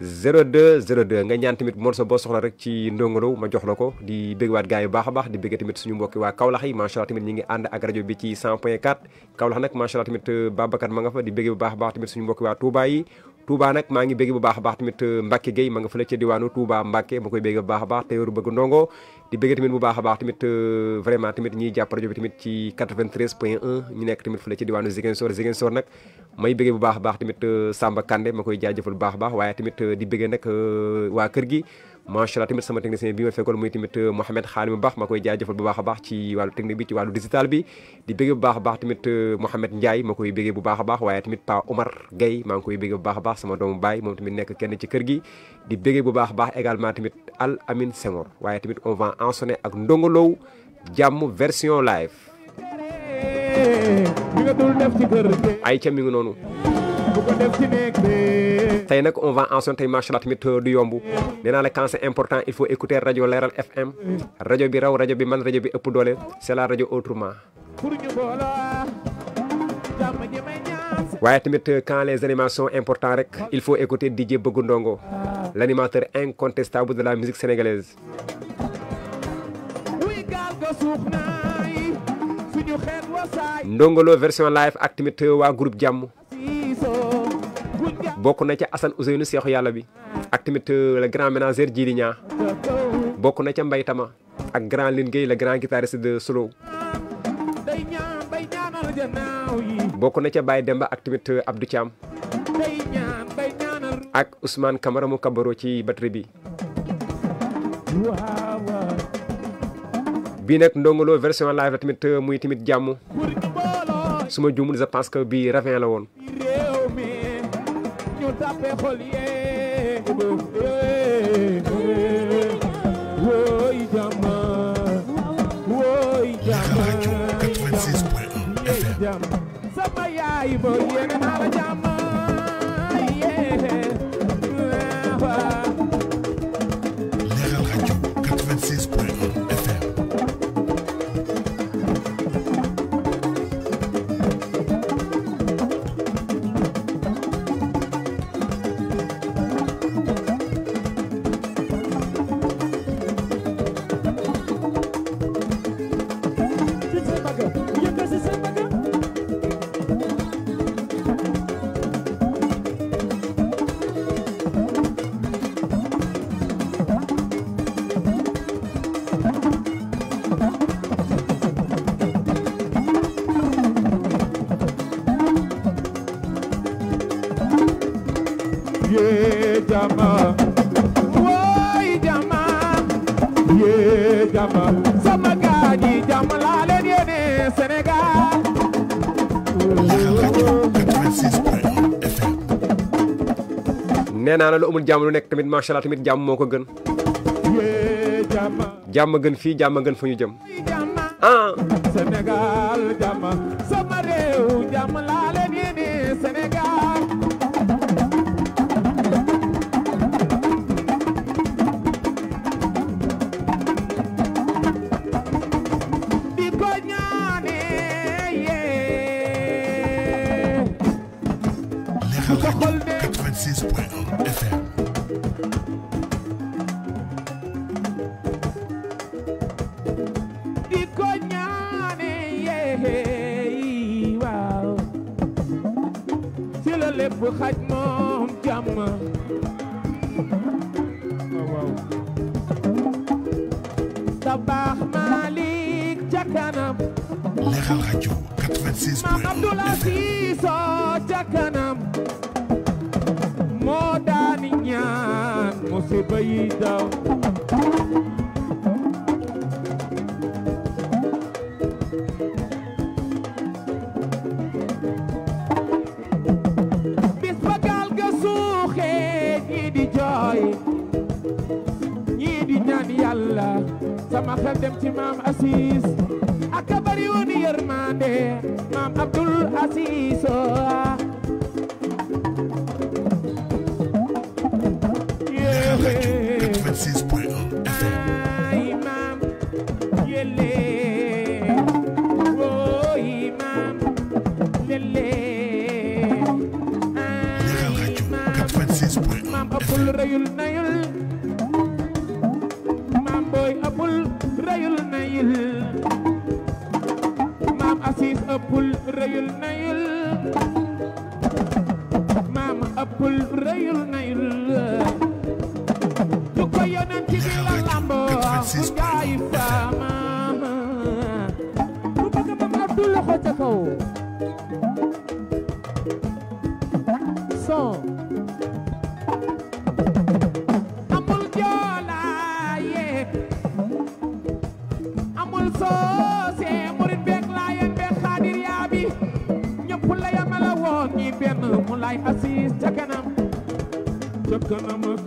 0202 nga ñaan tamit morceau bo soxla rek ci ndongolo ma jox di bëggaat gaay bu baax baax di bëgg tamit suñu mbokki waa Kaolack yi machallah tamit ñi ngi ànd ak rajo bi ci 100.4 Kaolack nag machallah tamit euh, ma nga fa di bëgg bu baax baax tamit suñu Touba yi Touba nag maa ngi bu baax a baax tamit euh, Mbacke Gueye ma nga fële ca diwaanu Touba Mbacke ma koy bégg bu baax a baax te yoru bëgg ndongo di bégg tamit bu baax a baax tamit euh, vraiment tamit ñiy jàpp rajo tamit ci 93 point 1 ñu nekk tamit fële ca diwaanu Ziguinchor Ziguinchor nag may bégg bu baax a baax tamit euh, Samba Kande ma koy jaajëfal bu baax a baax waaye tamit di bégg nag waa kër gi macha allah tamit sama technicien bi ma fekkoon muy tamit euh, Mouhamed Xaalim baax ma koy jaajëfal bu baax a baax ci wàllu technique bi ci wàllu digital bi di bëggee bu baax a baax tamit euh, Mouhamed Ndiaye ma koy bëggee bu baax a baax waaye tamit Pa Omar Gueye maa koy bëggee bu baax a baax sama doomu baay moom tamit nekk kenn ci kër gi di bëggee bu baax a baax également tamit Al Amin Senghor waaye tamit on va ensonner ak Ndongo Lo jàmm version live ay ca mi ngi noonu tay on va ensemble tay la allah tamit du yombu nee quand c'est important il faut écouter Radio leral FM Radio bi raw radio bi man bi c'est la radio autrement tamit euh, quand les animations sont rek il faut écouter DJ Bogundongo. l'animateur incontestable de la musique sénégalaise Ndongo version live ak tamit euh, Wa groupe Jàmm bokk na ca Assane Ousseynou Seexu yàlla bi ak tamit euh, le grand ménager Djili bokk na ca Mbaye Tama ak grand Line Gueye le grand guitariste de solo bokk na ca Baye Demba ak tamit euh, Abdou Thiam ak Ousmane Camara mu kabaro ci batterie bi bii nag Ndongo Lo version live la tamit euh, muy tamit jàmm su ma juumul je pense que bii ravin la woon tapé xol yee wooy jàmm yaay booy yéene naa la jàmm nee naa la lu amul jàmm lu nekk tamit macha allah tamit jàmm moo ko gën jàmm gën fii jàmm gën fu ñu jëm ah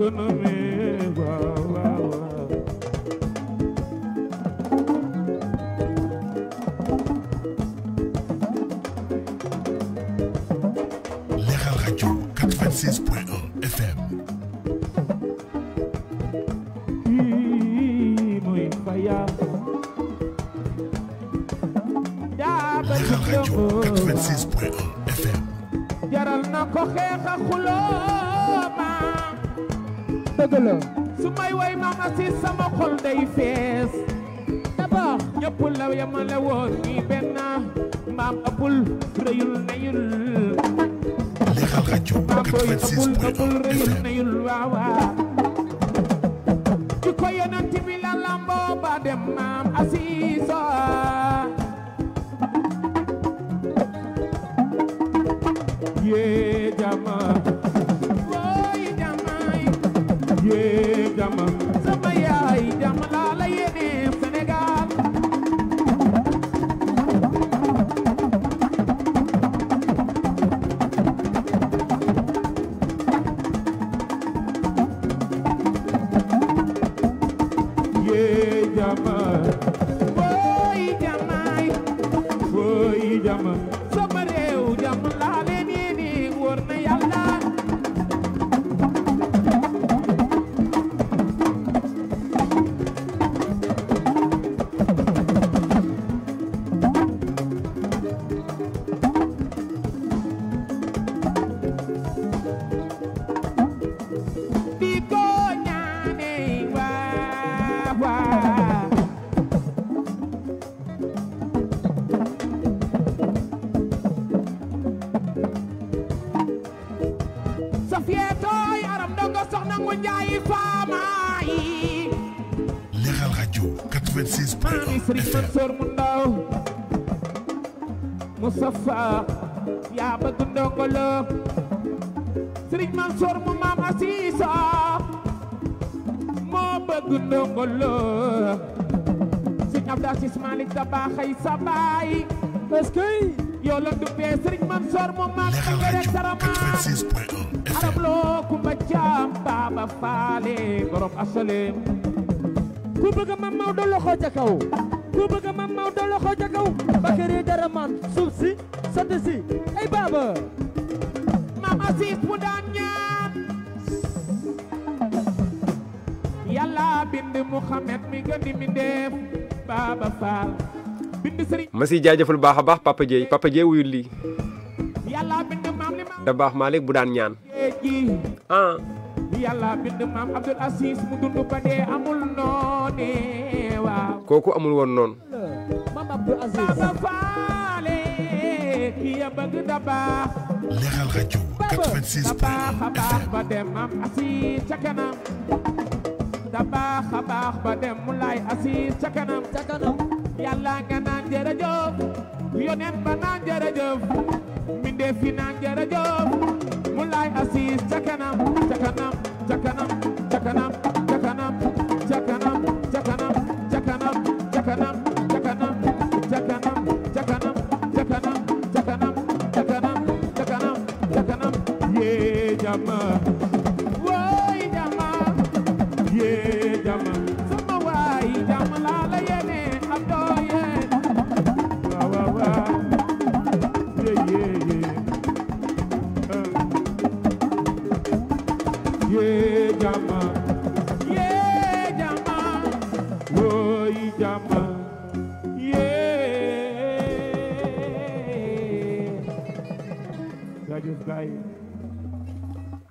कुन में frequencies, put FM. ëllëg sëñ Abdou Aziz Malick da baaxay sa baay parce que yow la dubbee sëriñ Mansoor mu mag a ngere saramaam arab loo Kumba Caam Baaba Faale borom asaleem ku bëgg mam Maodo loxo ca kaw ku bëgg mam Maodo loxo ca kaw Bakari dara man suuf si sant si ay baaba mam Aziz mu daan ñaan yàlla bind Muhammad baax a baax Papa Dieye Papa Dieye wuyul bind maam li da baax Malick bu daan ñaan ah yàlla bind maam Abdul Aziz mu dund amul noone kooku amul woon noonu maam Abdul Aziz Baba Fall ki eh, ya bëgg da baax Leral rajo 96 ta baax a baax ba dem mu lay asiis ca kanam ca kanam yàlla nga naan jërëjëf yonent ba naan jërëjëf mbindéef yi naan jërëjëf mu lay asiis ca kanam ca kanam ca kanam ca kanam ca kanam ca kanam ca kanam ca kanam ca kanam ca kanam ca kanam ca kanam ca kanam ca kanam ca kanam ca kanam ca kanam yee jàmm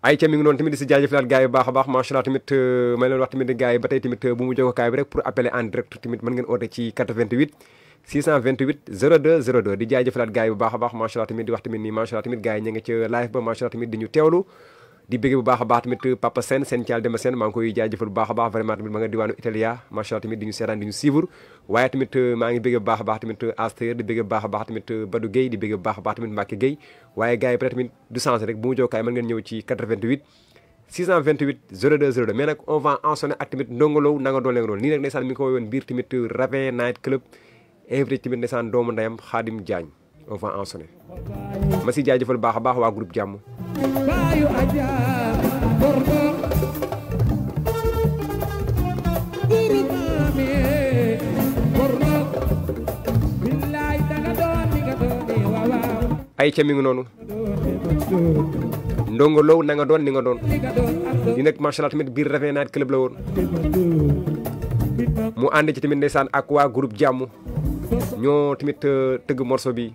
ay ca mi ngi noonu tamit di si jaajëfalaat gars yi baax a baax macha allah euh, may leen wax tamit ne ba tey tamit euh, bu mu jokkoo bi rek pour appeler en direct tamit mën ngeen oote ci 88 628 02 02 di jaajëfalaat gars yi bu baax a baax macha allah di wax tamit nii macha allah tamit gars yi live ba macha allah di ñu teewlu di bëgg bu baax a baax tamit papa Sène Sène Thial Demba Sène maa ngi koy jaajëfal bu baax a baax vraiment tamit ma nga diwaanu Italia macha tamit di ñu seetaan di ñu suivre waaye tamit euh, maa ngi bëgg baax a baax tamit euh, Asteur di bëgg baax a baax tamit euh, Badou Guèye di bëgg baax a baax tamit Mbacke Guèye waaye gars yi peut-être tamit bu mu jokkaay mën ngeen ñëw ci 88 628 02 02 ak tamit ndongolow nanga doon leen nii nag ndeysaan mi ngi ko woyoon tamit Ravin Night Club au vent en ma si jaajëfal baax a baax waa groupe jàmm ay ca mi ngi noonu ndongo low na nga doon nga doon di nag tamit biir naat club la woon mu ànd ci tamit ndeysaan ak waa groupe jàmm ñoo tamit tëgg morso bi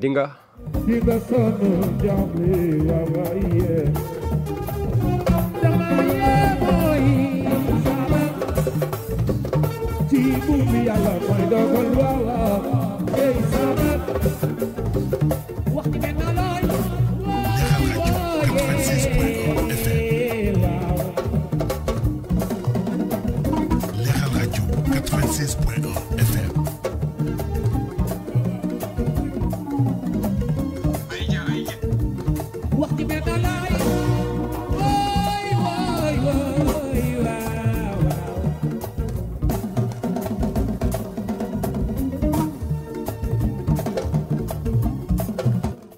dinga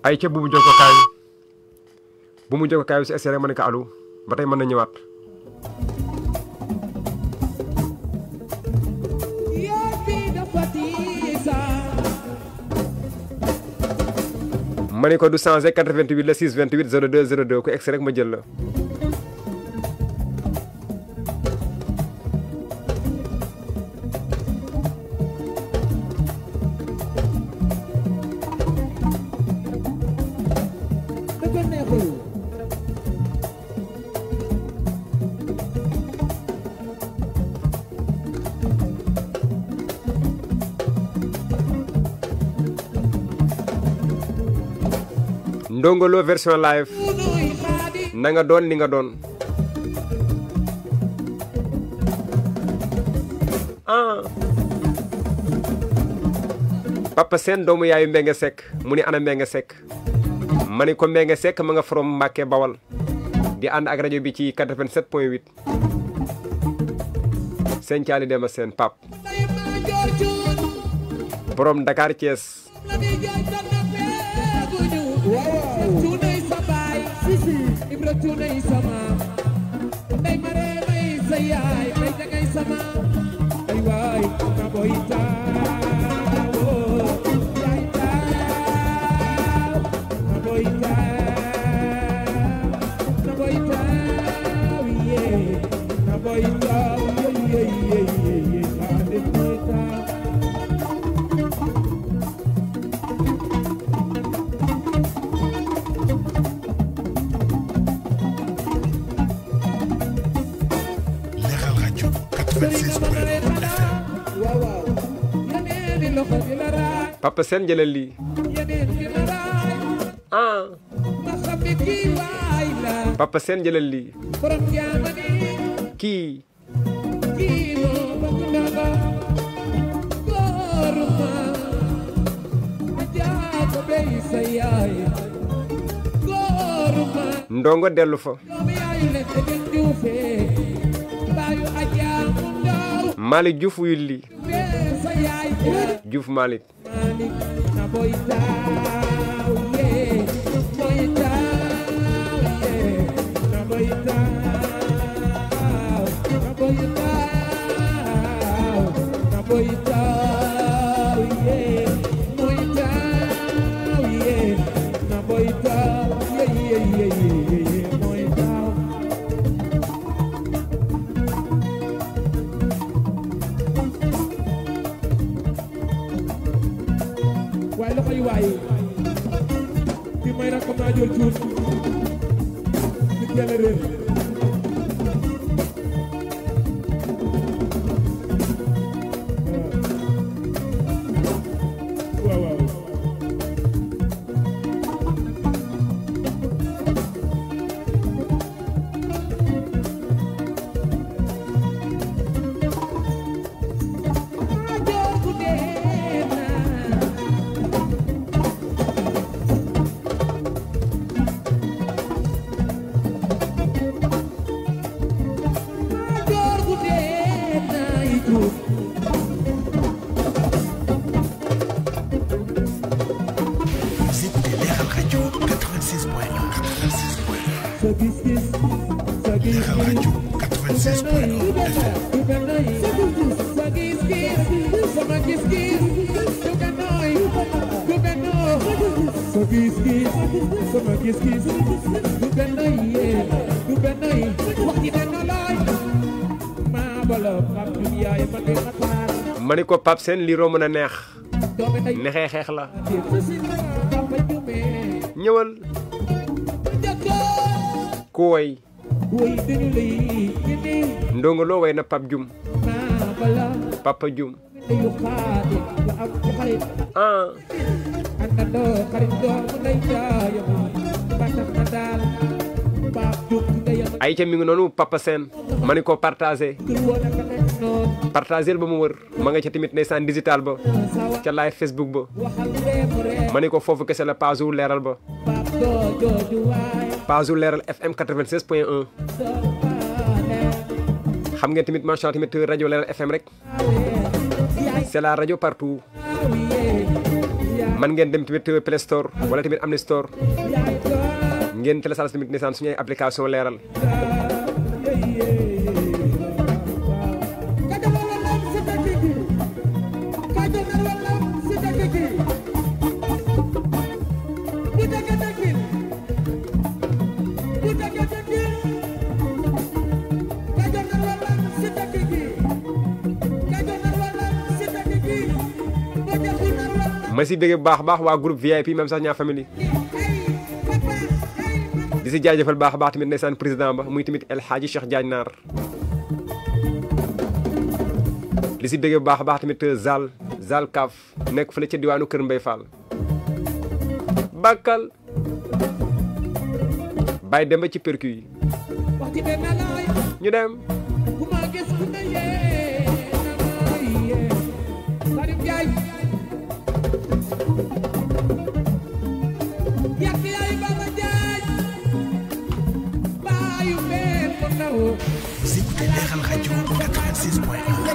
ay ca bu mu jokko kaay bu mu jokko kaay si essai rek ma ko alu ba tey mën na ñëwaat ma ko du changé 88 la 6 28 02 02 ku egsi rek ma jël la ndongolo versi version live nanga don doon nga ah papa sen doomu yaayu mbenga sek muni ana mbenga sek mani ko mbenga sek ma nga from Mbacke Bawal di and ak radio bi ci 87.8 point tiali dema pap borom Dakar Thiès cuunay sama ndey mare may sa yaay may dangay sama ay waay na boy papa seen jëlal lii ah papa seen jëlal lii kii ndongo dellu fa Malick Diouf wuyul lii You've managed. Diouf nit yàlla réer gis ko Pape seen liiroo mën a neex nexee xeex la ñëwal ku woy ndongo loo woy na Pape Diouf Papa Diouf ah Ayo xarit doomu ay ci mi ngi nonu papa Sen, maniko partager partager ba mu wër ma nga digital ba ci live facebook ba maniko fofu kessé la page wu ba page fm 96.1 xam nga timit ma chat timit radio leral fm rek c'est la radio partout man ngeen dem tamit euh, Play Store wala tamit Amni Store ngeen télécharge tamit ndeysaan suñu ay application leeral ma si bëgg baax baax waa groupe VIP même sax ñaa famille di si jaajëfal baax baax tamit ndeysaan président ba muy tamit El Hadji Cheikh Diagne Naar di si bëgg bu baax baax tamit euh, Zal Zal Kaaf nekk fële ci diwaanu Kër Mbay Fall Bakkal bàyyi dem ba ci percu yi ñu dem Leral rajo 96 point 1.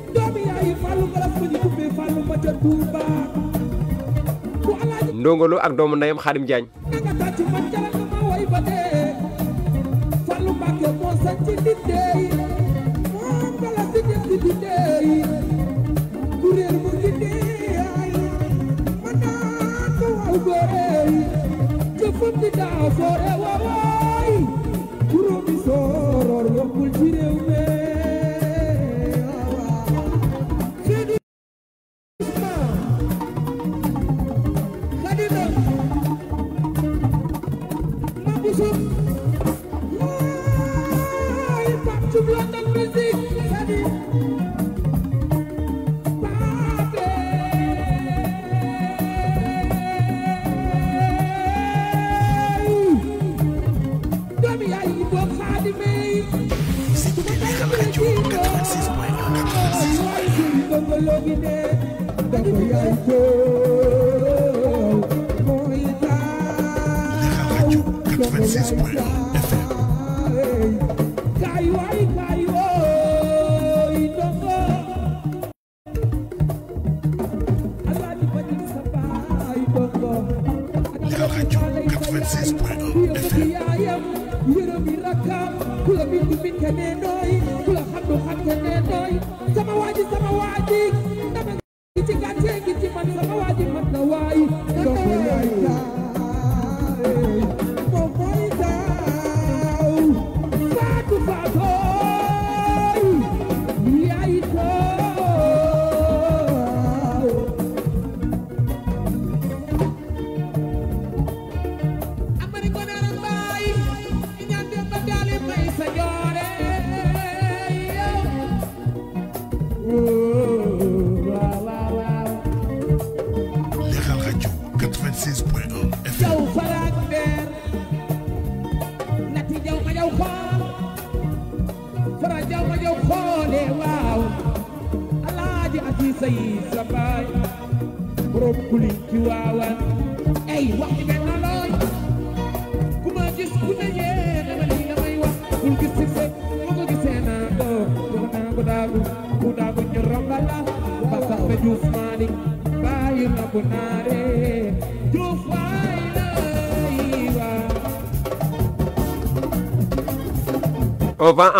Ndongo Lo ak doomu ndeyam Xaadim Diagne Thank you.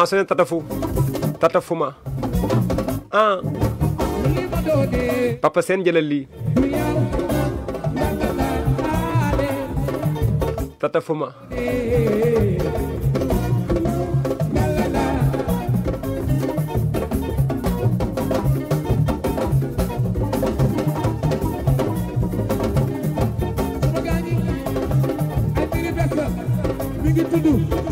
Ah, enchaîner tatafu tatafuma ah papa seen jëlal lii tatafuma Tudo.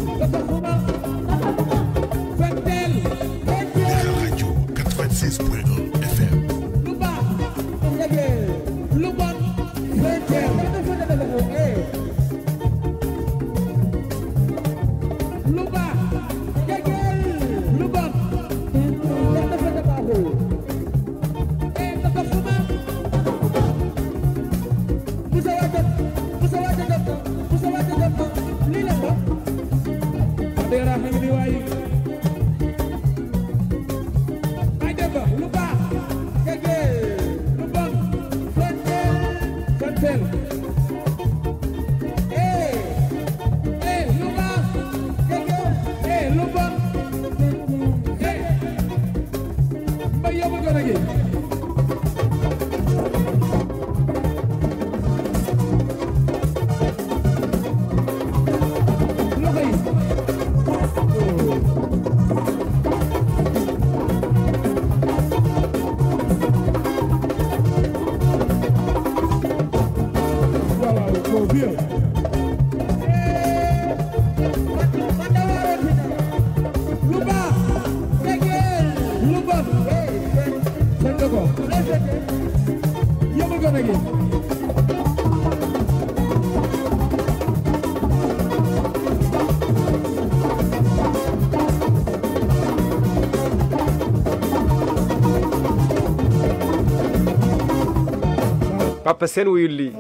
seen wuyul lii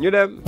ñu dem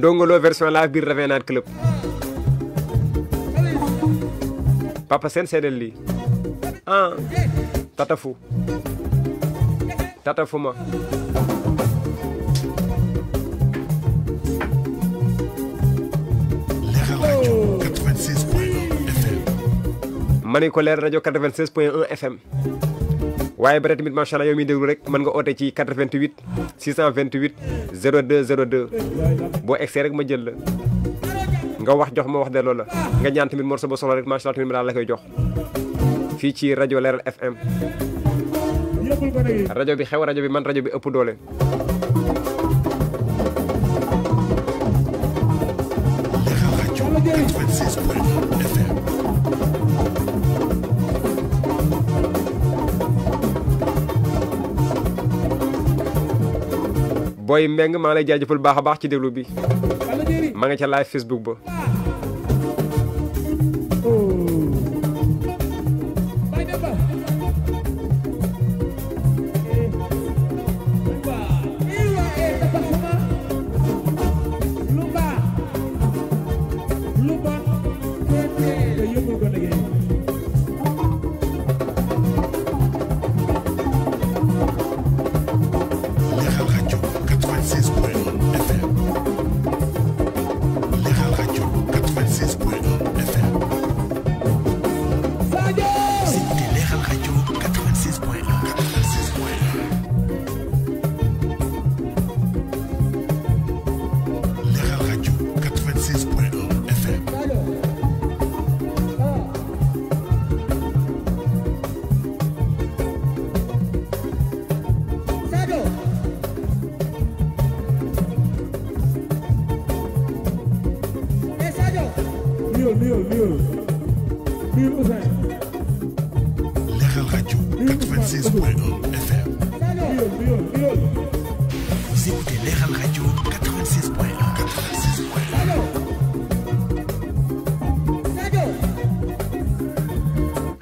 Ndongo Lo version live biir Rafet club Papa c'est seedeel lii ah, Tatafou. Tatafou moi. ma. Oh. ma ne ko leer rajo 96 Radio FM. waaye ba tamit macha allah yow miy déglu rek mën nga oote ci 88 628 02 02 boo egsee rek ma jël la nga wax jox ma wax delloo la nga ñaan tamit morceau ba soxla rek macha allah tamit ma daal la koy jox fii ci rajo Leeral FM rajo bi xew rajo bi man rajo bi ëpp doole. Mboy Mbeng maa ngi lay jaajëfal baax a baax ci déglu bi ma nga ca live Facebook ba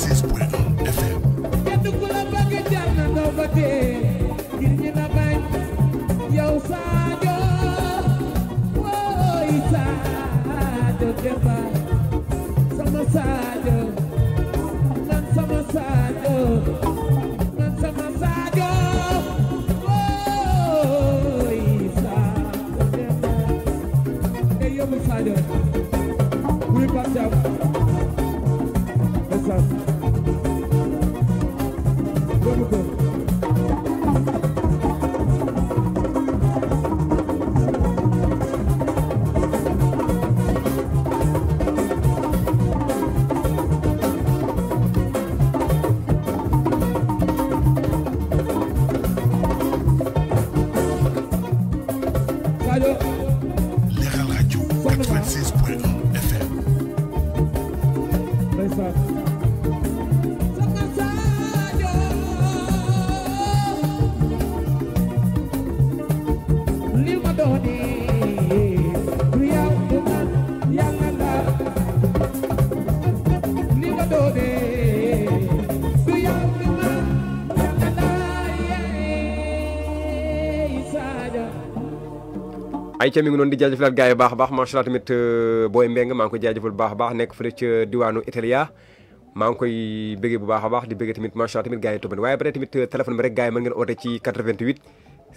six point un FM. kenn ku la bëgg jar na ndaw ba dee ngir ñu la bañ yow Sadio wooy Sadio Demba sama Sadio man sama Sadio man sama Sadio wooy Sadio Demba te yóbbu Sadio muy Pape Thiam ay ca mi ngi noonu di jaajëfalaat gars yi baax a baax macha allah tamit euh, booy mbeng maa ngi koy jaajëfal baax baax nekk fële ca diwaanu Italia maa ngi koy bëggee bu baax a baax di bëggee tamit macha allah tamit gars yi toppandi waaye ba tey tamit euh, téléphone bi rek gars yi mën ngeen oote ci 88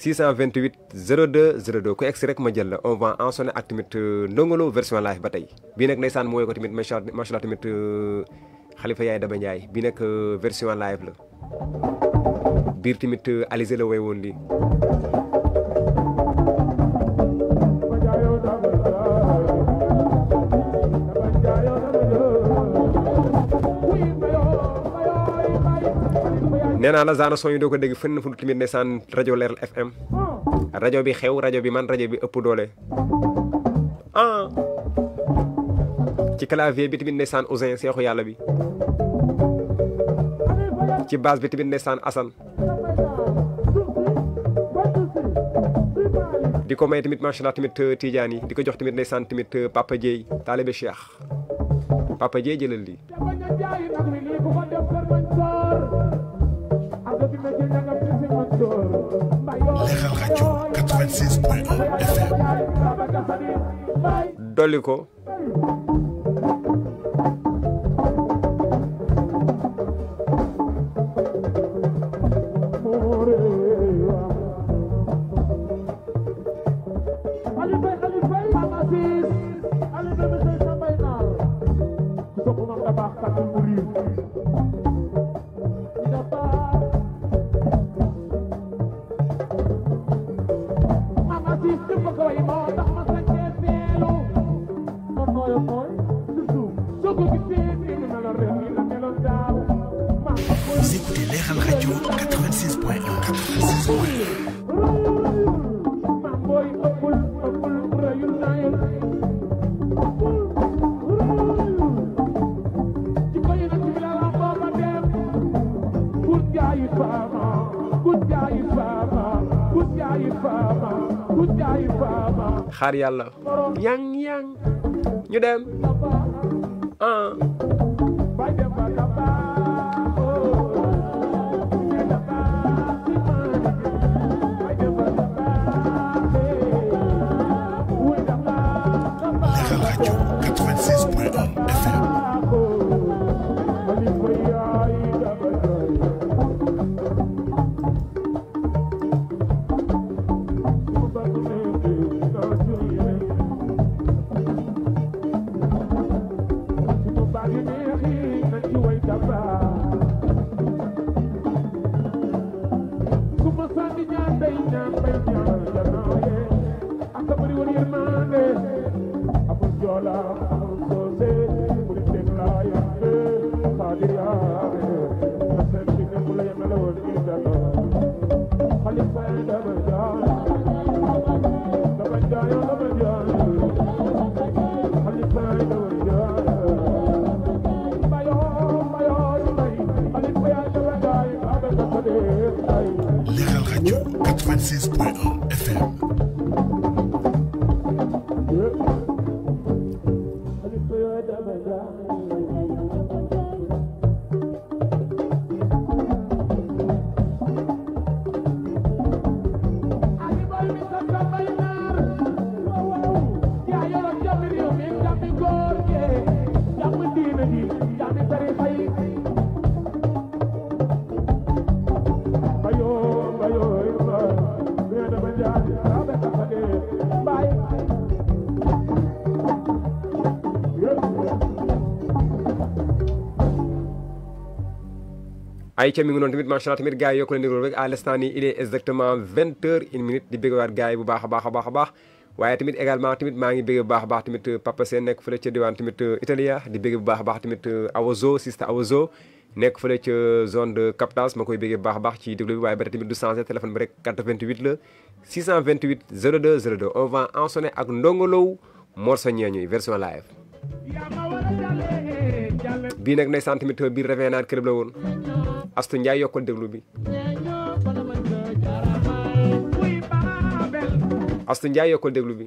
628 la on euh, tey bii nag ndeysaan mu woy ko tamit macha allah tamit xalifa yaay Daba Ndiaye bi nag version live la biir tamit Alizé la woy woon lii nee naa la genre son yi doo ko dégg fenn fu dul tamit rajo Leeral FM rajo bi xew rajo bi man rajo bi ëpp doole ah ci clavier bi tamit ndeysaan Ousin seexu yàlla bi ci basse bi tamit ndeysaan di ko may tamit macha allah tamit euh, yi di ko jox tamit ndeysaan tamit euh, Papa Dieye taalibe Cheikh Papa Dieye jëlal lii Leral rajo 96 point 1 FM. dolli ko. xaar yàlla yang yang ñu dem ayca mi ngi noonu tamit macha tamit gars yi yokku leen déglu rek à exactement vingt une minute di bëgg waat gars bu baax baax baax baax waaye tamit également tamit maa ngi bëgg baax baax tamit euh, Papa nekk fële ca diwaan tamit euh, Italia di bëgg bu baax baax tamit euh, Awazo sista Awazo nekk fële ca zone de captage ma koy bëggee bu baax a baax ci déglu bi waaye ba tamit du bi rek la 628 version live. bii nag ndeysaan tamit biir revee naan kërëb la woon astu njaay yokkal déglu bi astu njaay yokkal déglu bi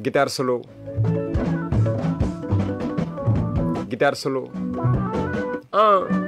Gitar solo. gitar solo. Ah.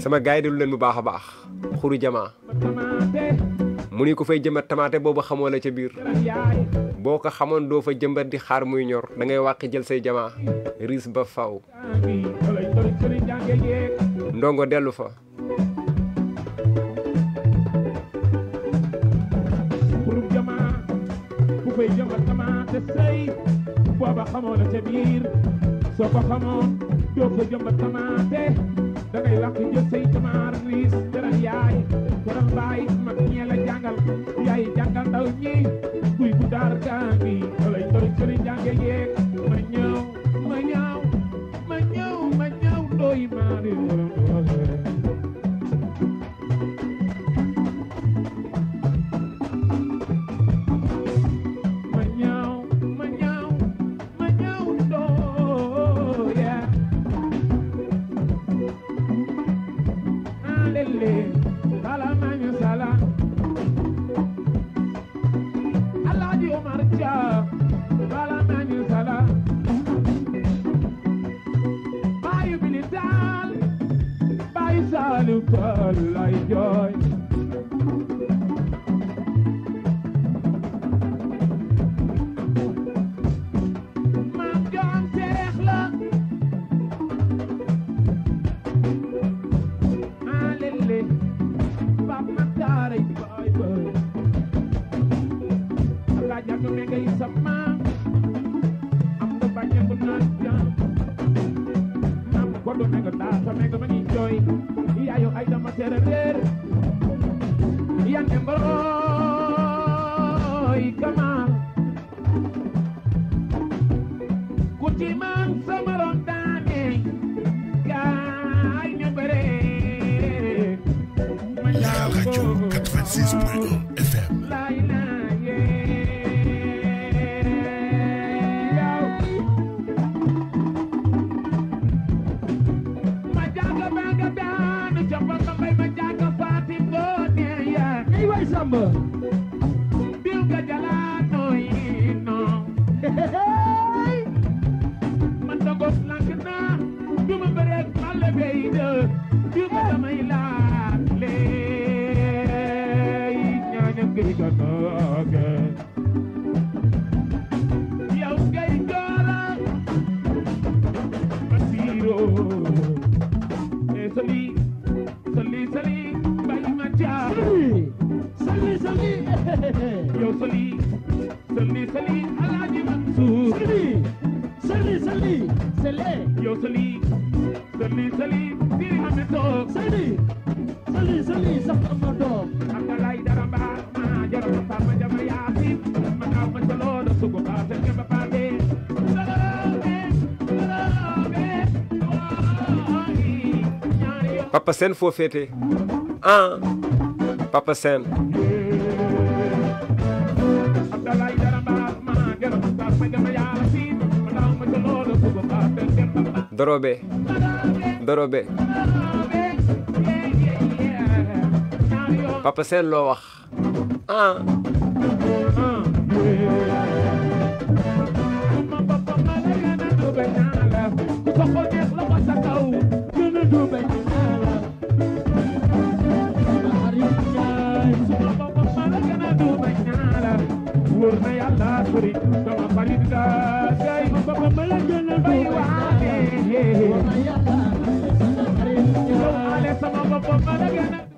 sama gars yi déglu leen bu baax a baax xuru jamaa mu ni ku fay jëmbat tamaate boobu xamoo la ca biir boo ko xamoon doo fa jëmbat di xaar muy ñor da ngay wàq jël say jamaa riis ba faw ndongo dellu fa da ngay lakk jël say jamaar riis dara yaay a baay mag ñee la jàngal yaay jàngal ndaw ñi buy bu daar gaa ngi lay tori sëriñ jànge yeeg the light. yow Papa Sène foo féete ah Papa Sène Dorobe Dorobe Papa Sène loo wax ah.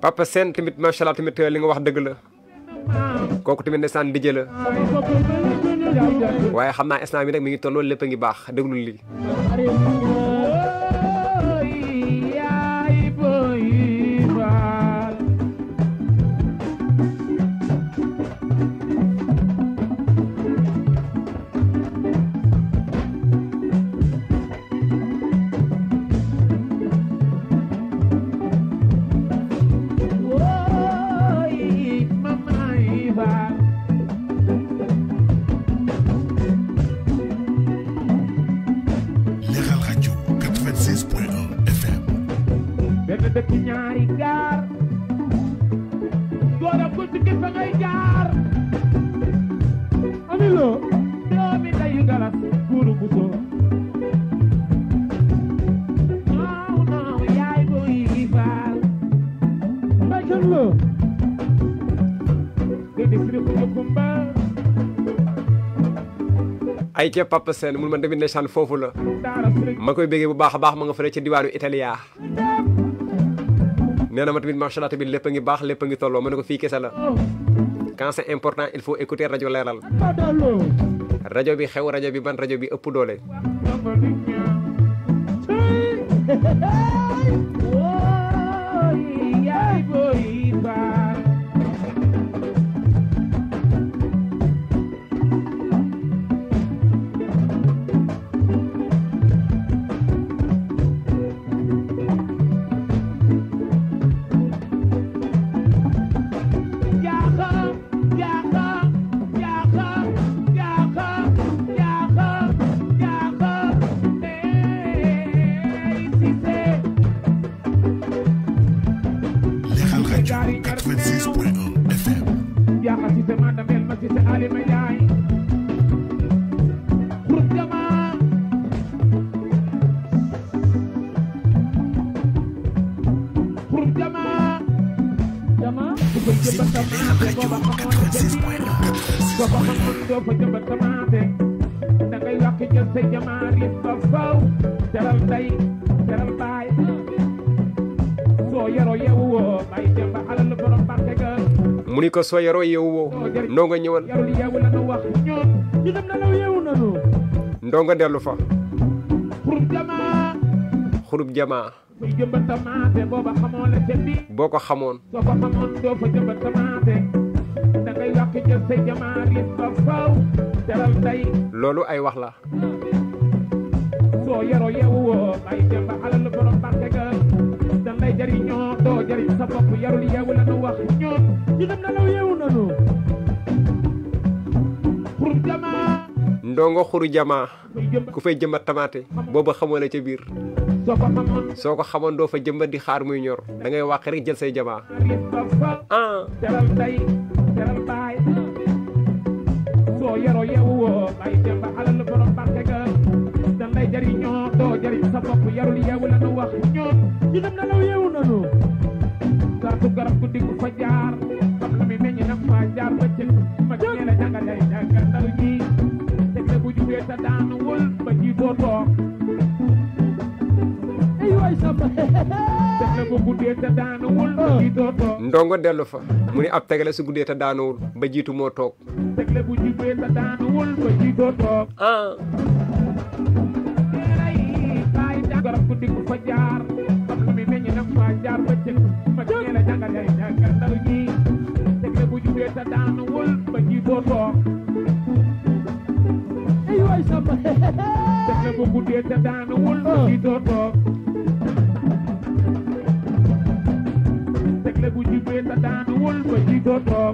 papa seen tamit macha allah tamit li nga wax dëgg la kooku tamit ndeysaan dijje la waaye xam naa instant bi nag mi ngi toll loolu lépp a ngi baax déglu lii kee Papa Sène mun man tamit ndeysaan foofu la ma koy béggee bu baax a baax ma nga fële ca diwaanu Italia nee na ma tamit macha allah tamit lépp a ngi baax lépp ngi tolloo ma ne ko fii kese la quand c'est important il faut écouter rajo leeral rajo bi xew rajo bi ban rajo bi ëpp doole nga sooy yaroo yeewoo ndongo ñëwal ndongo dellu fa xurub jamaa boo ko ay wax la ay jëmba alal borom barke ga jariñoo doo sapa wax jama ndongo khuru jama ku fay jema tamate booba xamone ci bir soko xamone do fa jema di xaar muy ñor da ngay wax rek jël say jama ah, ah jariñoo doo jariñ sa bopp yarul yeewu ya la ya nu wax ñoom gisam na law yeewu nanu gartu garab ku digg anu, anu, fa jaar xam na mi meññ nag fa jaar ba cëg ma ñee la jàngal lay jàngal ndaw ñi teg na bu jubee ta daanu wul ba ji doo toog ndongo dellu fa mu ni ab tegale su guddee te daanuwul ba jiitu moo toog tegale bu jubee te daanuwul ba jiitoo toog ah garab guddi ku fa a xam lu mi meññ nag fa jaar ba cëkk ma ñee la jàngal yaay jàngal ndaw daan wul ba ji bootoo ay bu guddee ta daan daan wul ba ji dootoo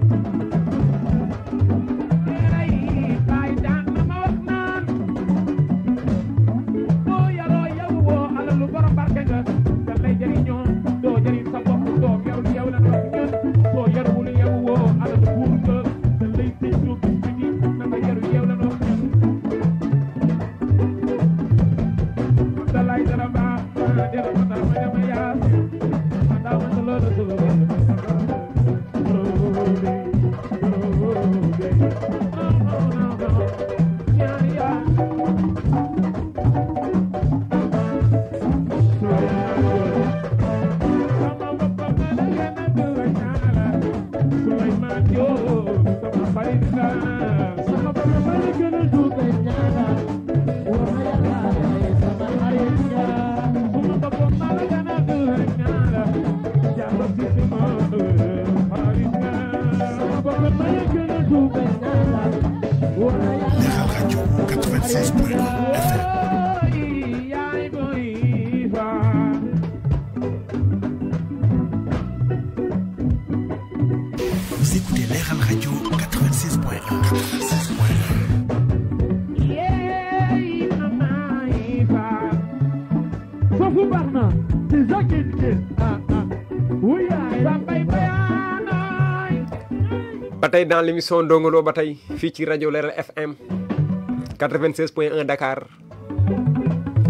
tay dans l'émission Batai, Fichi Radio LRFM ci radio Leral FM 96.1 Dakar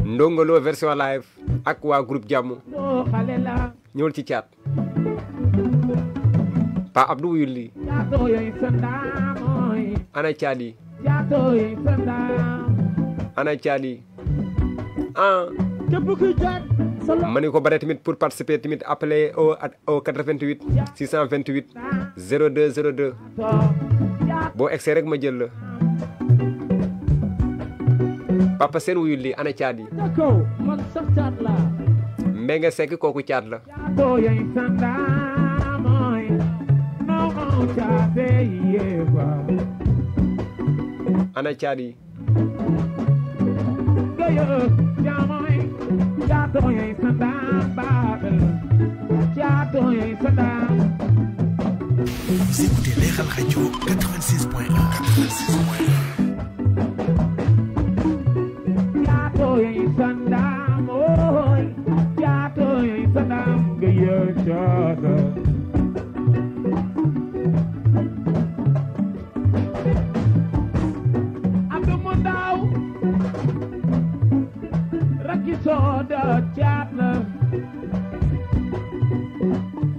Dongolo Lo version live ak Group groupe jamu ñëwal ci chat Pa Abdou wuyul ana chali ana caat ah ma ni ko bare tamit pour participer tamit appeler au au 88 628 vingt 02 boo egsee rek ma jël la papa seen wuyu lii ana caat yi Mbengue Seck kooku caat la Chato ye sada babel Chato Vous écoutez Leral Radio 86.1 86.1 Chato ye a caat la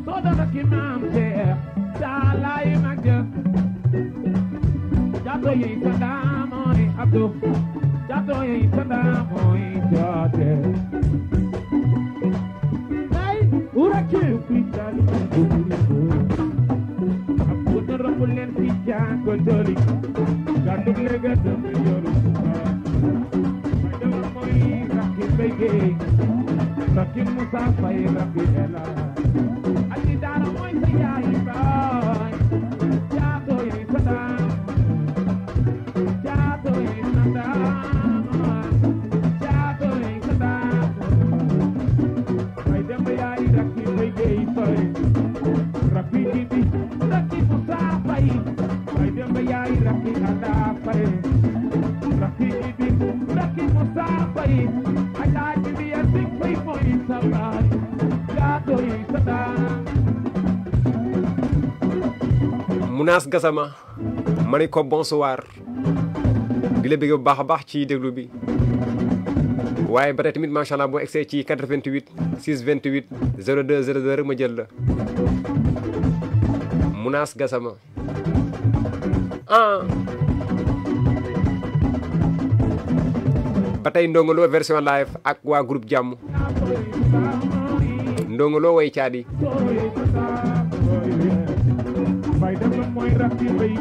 soo dara ki maam Seex saalaay mag ja jaato yey sa mooy Abdu jaato yey sa daa Unaas Gassama ma ko bonsoir di la bëgg bu baax ci deglu bi waye ba tamit ma sha allah bo exé ci 88 628 02 rek ma jël la Munas Gassama ah ba ndongolo version live ak wa groupe jam ndongolo way tiadi mooy rakki bay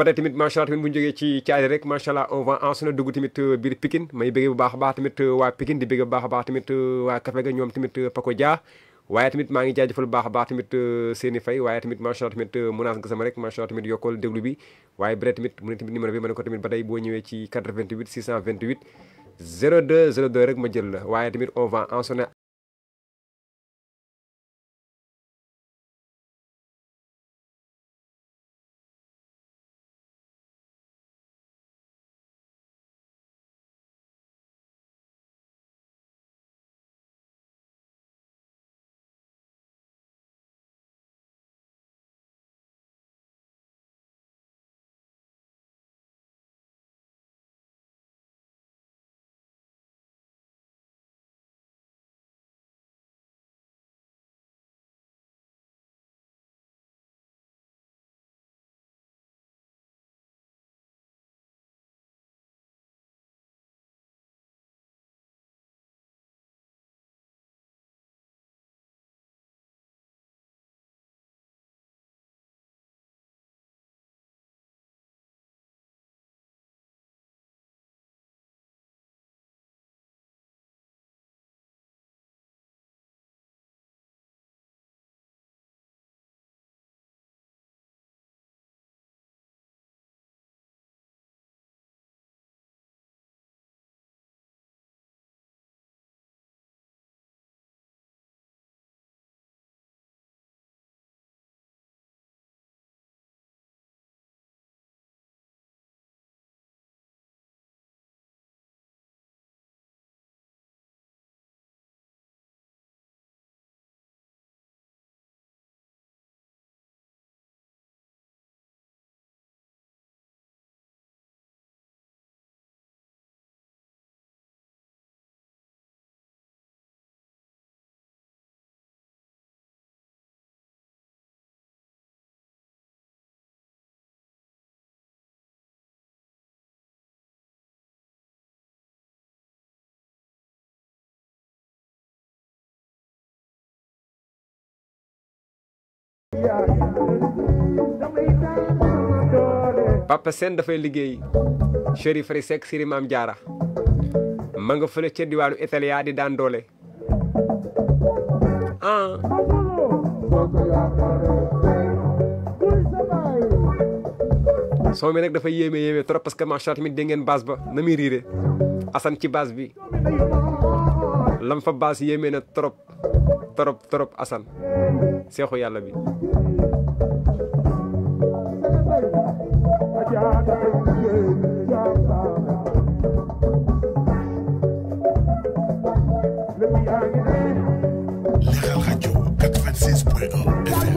bay kare tamit macha tamit bu ñu ci caali rek macha allah on va enchaîner dugg tamit euh, biir Pikine may bëgg bu baax a baax tamit euh, waa pikin di bëgg baax a baax tamit euh, waa Kafe ga ñoom tamit Paco Dia waaye tamit maa ngi jaajëfal bu baax a baax tamit euh, seeni fay waaye tamit macha allah tamit euh, menace nga rek macha tamit yokkal déglu bi waaye bre tamit mu tamit numéro bi ma ne ko tamit ba tey boo ñëwee ci 88 628 02 02 rek ma jël la waaye tamit on va en sonner Papa seen dafay liggéey Chérif Ri Seck Siri Maam Jaara ma nga fële ca diwaanu di daan doole ah son dafay nag dafa yéeme yéeme trop parce que macha mi dégg ngeen baas ba na muy riire assan ci baas bi lam fa baas yéeme na trop trop trop seexu yàlla bi Leral Radio 96.1 FM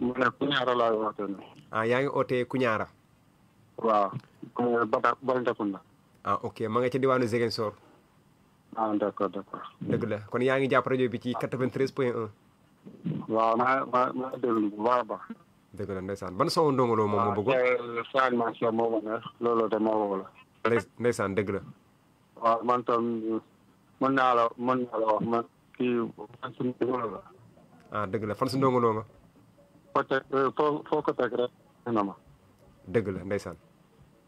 mu ne Kuñaara laay wootee nii. ah yaa ngi ootee Kuñaara. waaw. Bada Balintakunda. ah ok ma nga ca diwaanu Ziguinchor. ah d' accord kon yaa ngi jàpp rajo bi ci 93 point 1. waaw maa maa maa déglu bu baax a baax. dëgg la ndeysaan ban son Ndongo Lo moom moo waaw ah, looloo de moo woo la. ndeysaan la. waaw man tam mën naa la mën naa la wax man kii fan su Ndongo Lo la. ah dëgg la fan Uh, foo e dëgg la ndeysaan.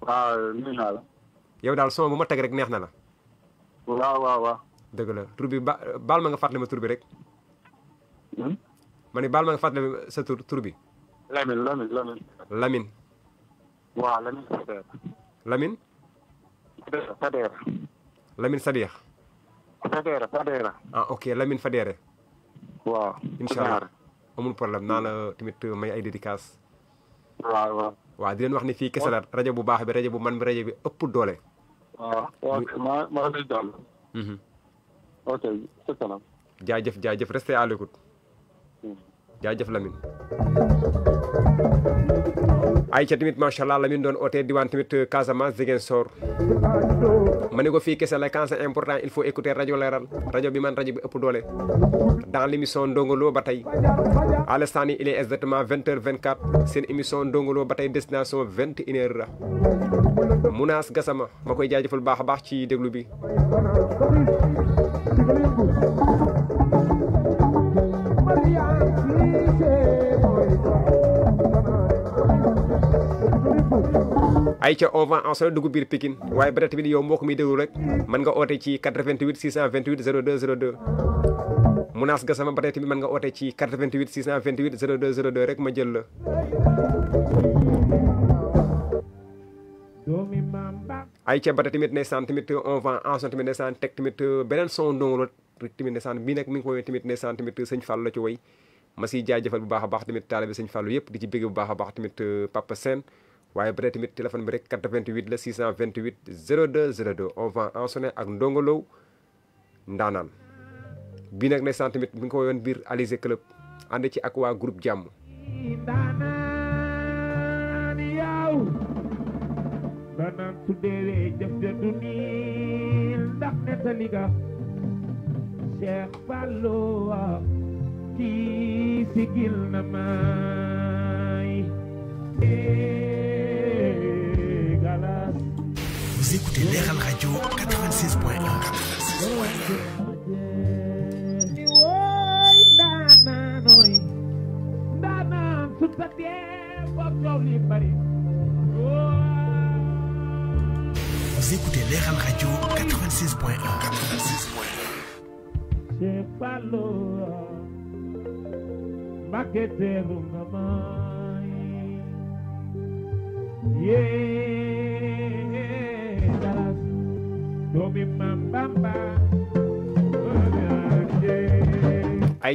waaw nuyu daal soo bu ma teg rek neex na la. waaw waaw waaw. dëgg la tur bi ba baal ma nga fàttali ma tur rek. Hmm? ma baal ma nga fàttali sa tur tur bi. Lamine Lamine Lamine. Lamine. waaw Lamine Sadex. Lamine. Sadex. Lamine Sadex. Sadex Sadex. ah ok Lamine Sadex. waaw. incha amul problème naa a tamit may ay dédicace waaw waaw waaw di leen wax ni fii kese la rajo bu baax bi rajo bu man bi rajo bi ëpp doole. waaw waaw maa maa ngi lay jàll. Mhm. ok c'est ça. jaajëf jaajëf restez ay ca tamit macha allah la min doon ootee diwaan tamit euh, Casamance Ziguinchor ma ne ko fii kese la quand c'est important il faut écouter rajo leeral rajo bi man rajo bi ëpp doole dans l' émission Ndongo ba tey à l'instant il est exactement vingt seen émission Ndongo Lo ba tey destination vingt une heure la Mounas Gassama ma koy jaajëfal baax baax ci déglu bi ay ca on va en solo dugg biir Pikine waaye ba tey tamit yow mbokk mi déglu rek mën nga oote ci 88 628 02 02 Mounass Gassama ba nga oote ci 88 628 02 02 rek ma jël la. ay ca ba tey tamit ndeysaan tamit on va en solo tamit beneen son ndongo la tamit ndeysaan bii nag mi ngi ko woowee tamit ndeysaan tamit sëñ Fall la ci woy ma siy jaajëfal bu baax a baax tamit taalibe sëñ Fall yëpp di ci bëgg bu baax a baax tamit Papa Sène waaye bu dee tamit téléphone bi rek 88 la 628 02 02 on va en sonné ak Ndongo Lo ndaanaan bii nag sant tamit mi ngi ko woyoon biir Alizé club ànd ci ak waa groupe jàmm ndaanaan yow su Vous écoutez Leral Radio 96.1. Vous écoutez en Radio 86.1. 86.1. ay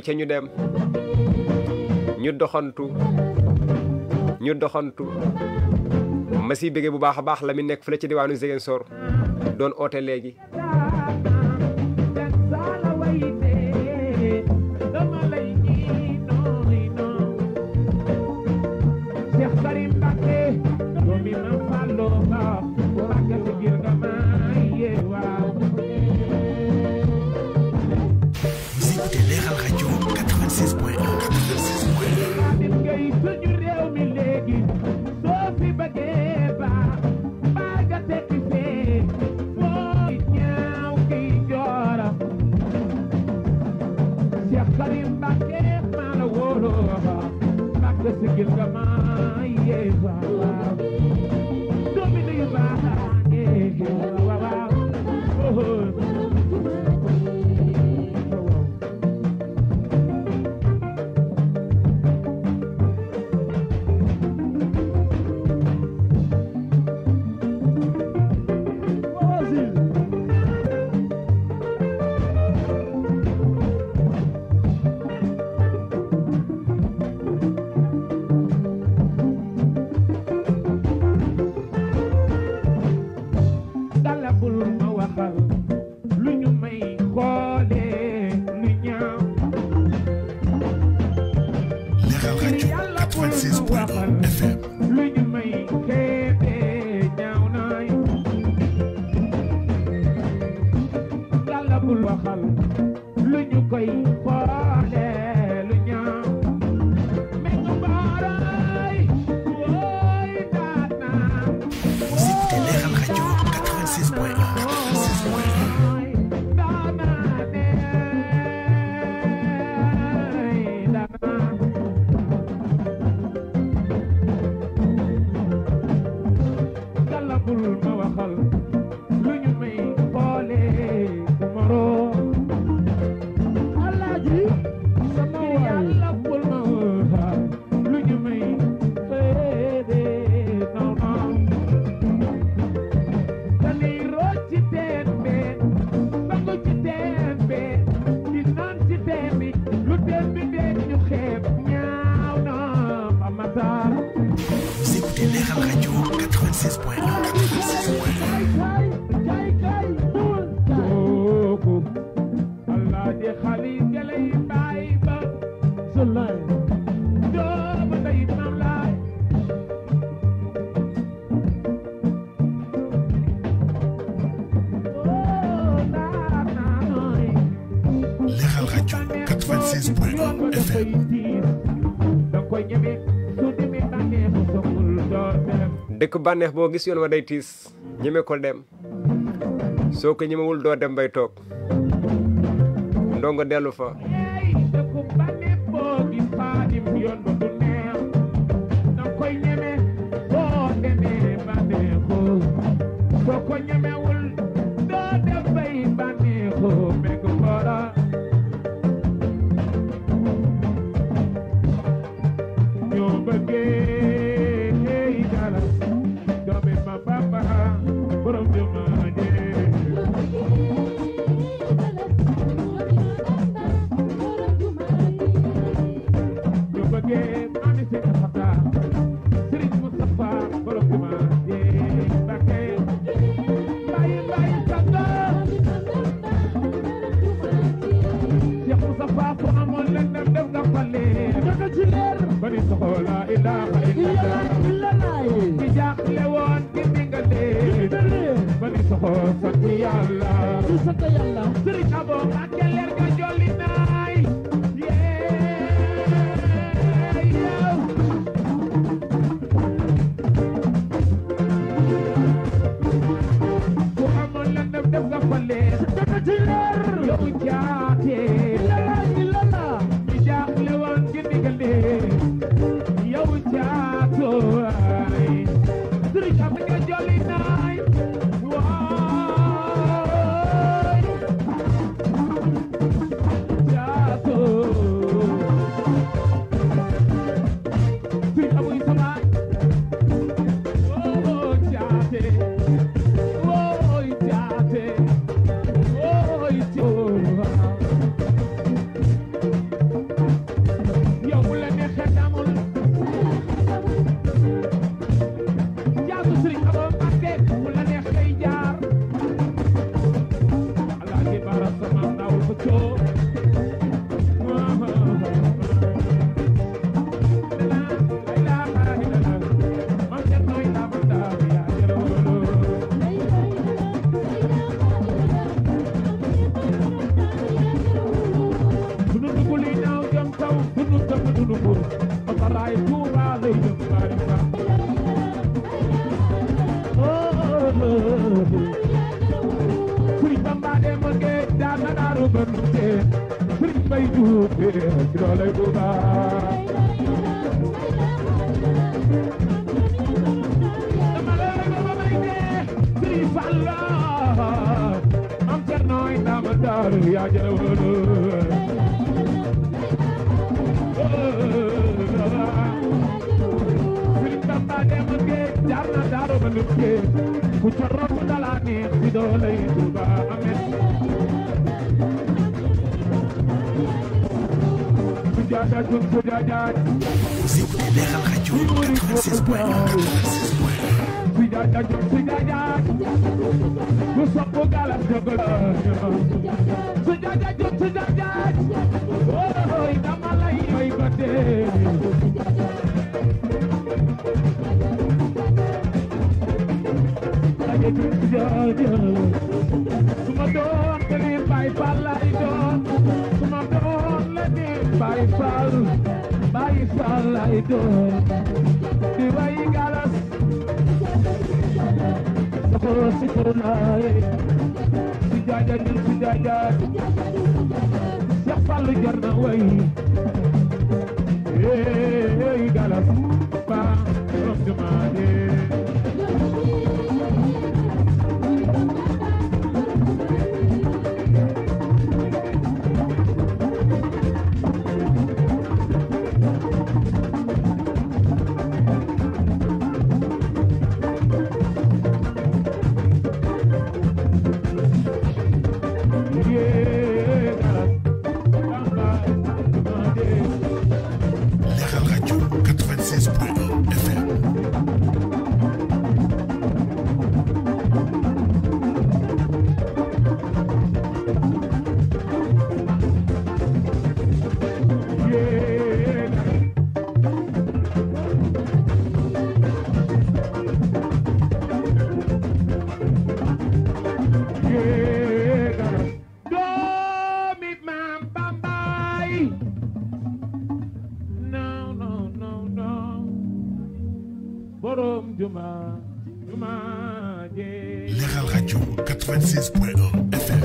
ca dem ñu doxantu ñu doxantu ma siy bu baax a baax la mi nekk fële ci diwaanu Ziguinchor doon oote léegi Give Téléradio 96.1. fekk bànneex boo gis yoon wa day tiis ñeme ko dem soo ko ñemewul doo dem bay toog ndongo dellu fa tappale daga ci leer bari soxo la ilaha illallah ki jaaxle woon ki dingale bari soxo sant yàlla sant yàlla sëriñ Abo ak leer bueno, qué dulce es bueno. Cuidado, cuidado, no sapo galas, yo Cuidado, cuidado, oh, y la mala y no iba a tener. Cuidado, cuidado, suma don, tenim, bai, pala, y don, suma don, Banjul 96.1 FM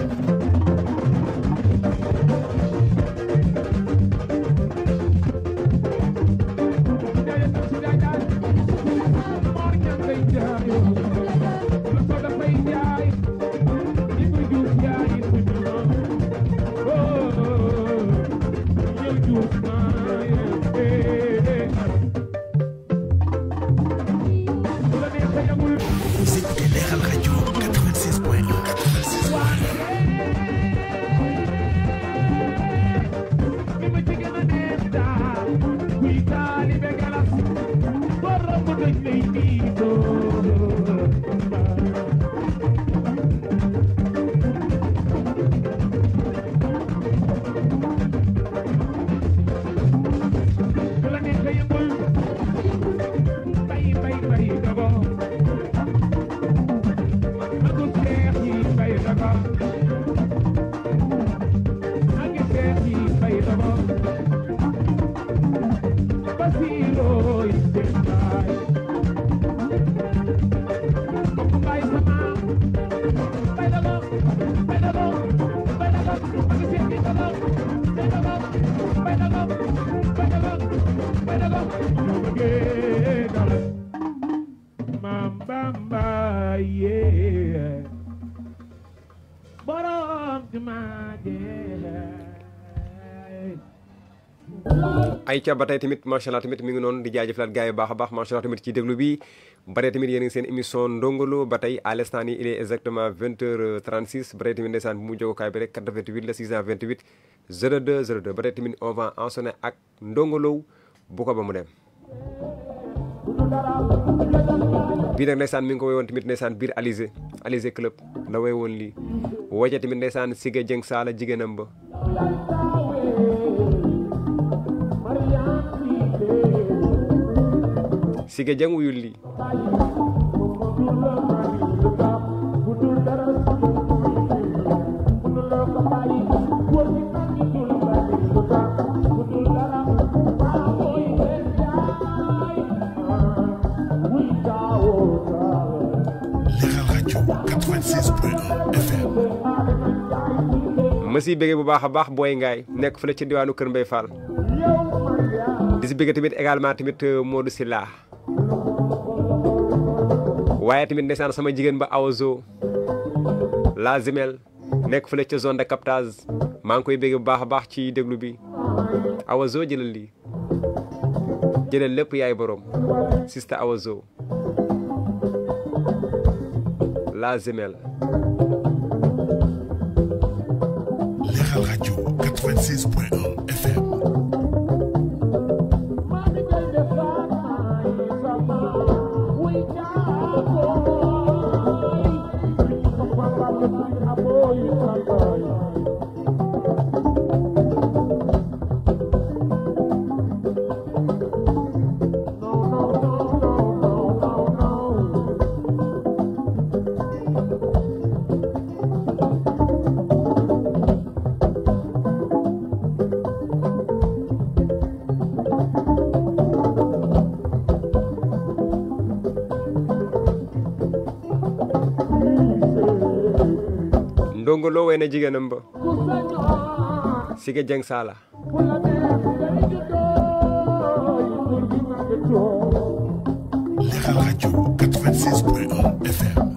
ay ca ba tey tamit macha allah tamit mi ngi noonu di jaajëfalaat gars yi baax a baax macha allah ci déglu bi ba tey a ngi seen émission Ndongo Lo ba tey à l'instant nii il est exactement 20h36 ba tey ndeysaan bu mu kaay bi rek 88 la 628 ba mu dem. bii ndeysaan mi ngi ko woy woon tamit ndeysaan biir Alizé Alizé club la woy woon lii woo ca tamit ndeysaan Siga Dieng Saala jigéenam ba. Siga jangu yulli ma bege béggee bu baax a baax booy ngaay nekk ci diwanu keur mbey Fall di bege tamit également tamit eh, Modou Sylla waaye tamit ndeysaan sama jigéen ba Awazo la Zimel nekk fële ca zone de captage maa ngi koy bégg bu baax a baax ci déglu bi Awazo jëlal lii jëlal lépp yaay boroom sista Awazo la Zimel. jigéen ba Siga Jeng Saala Leral rajo 96.1 FM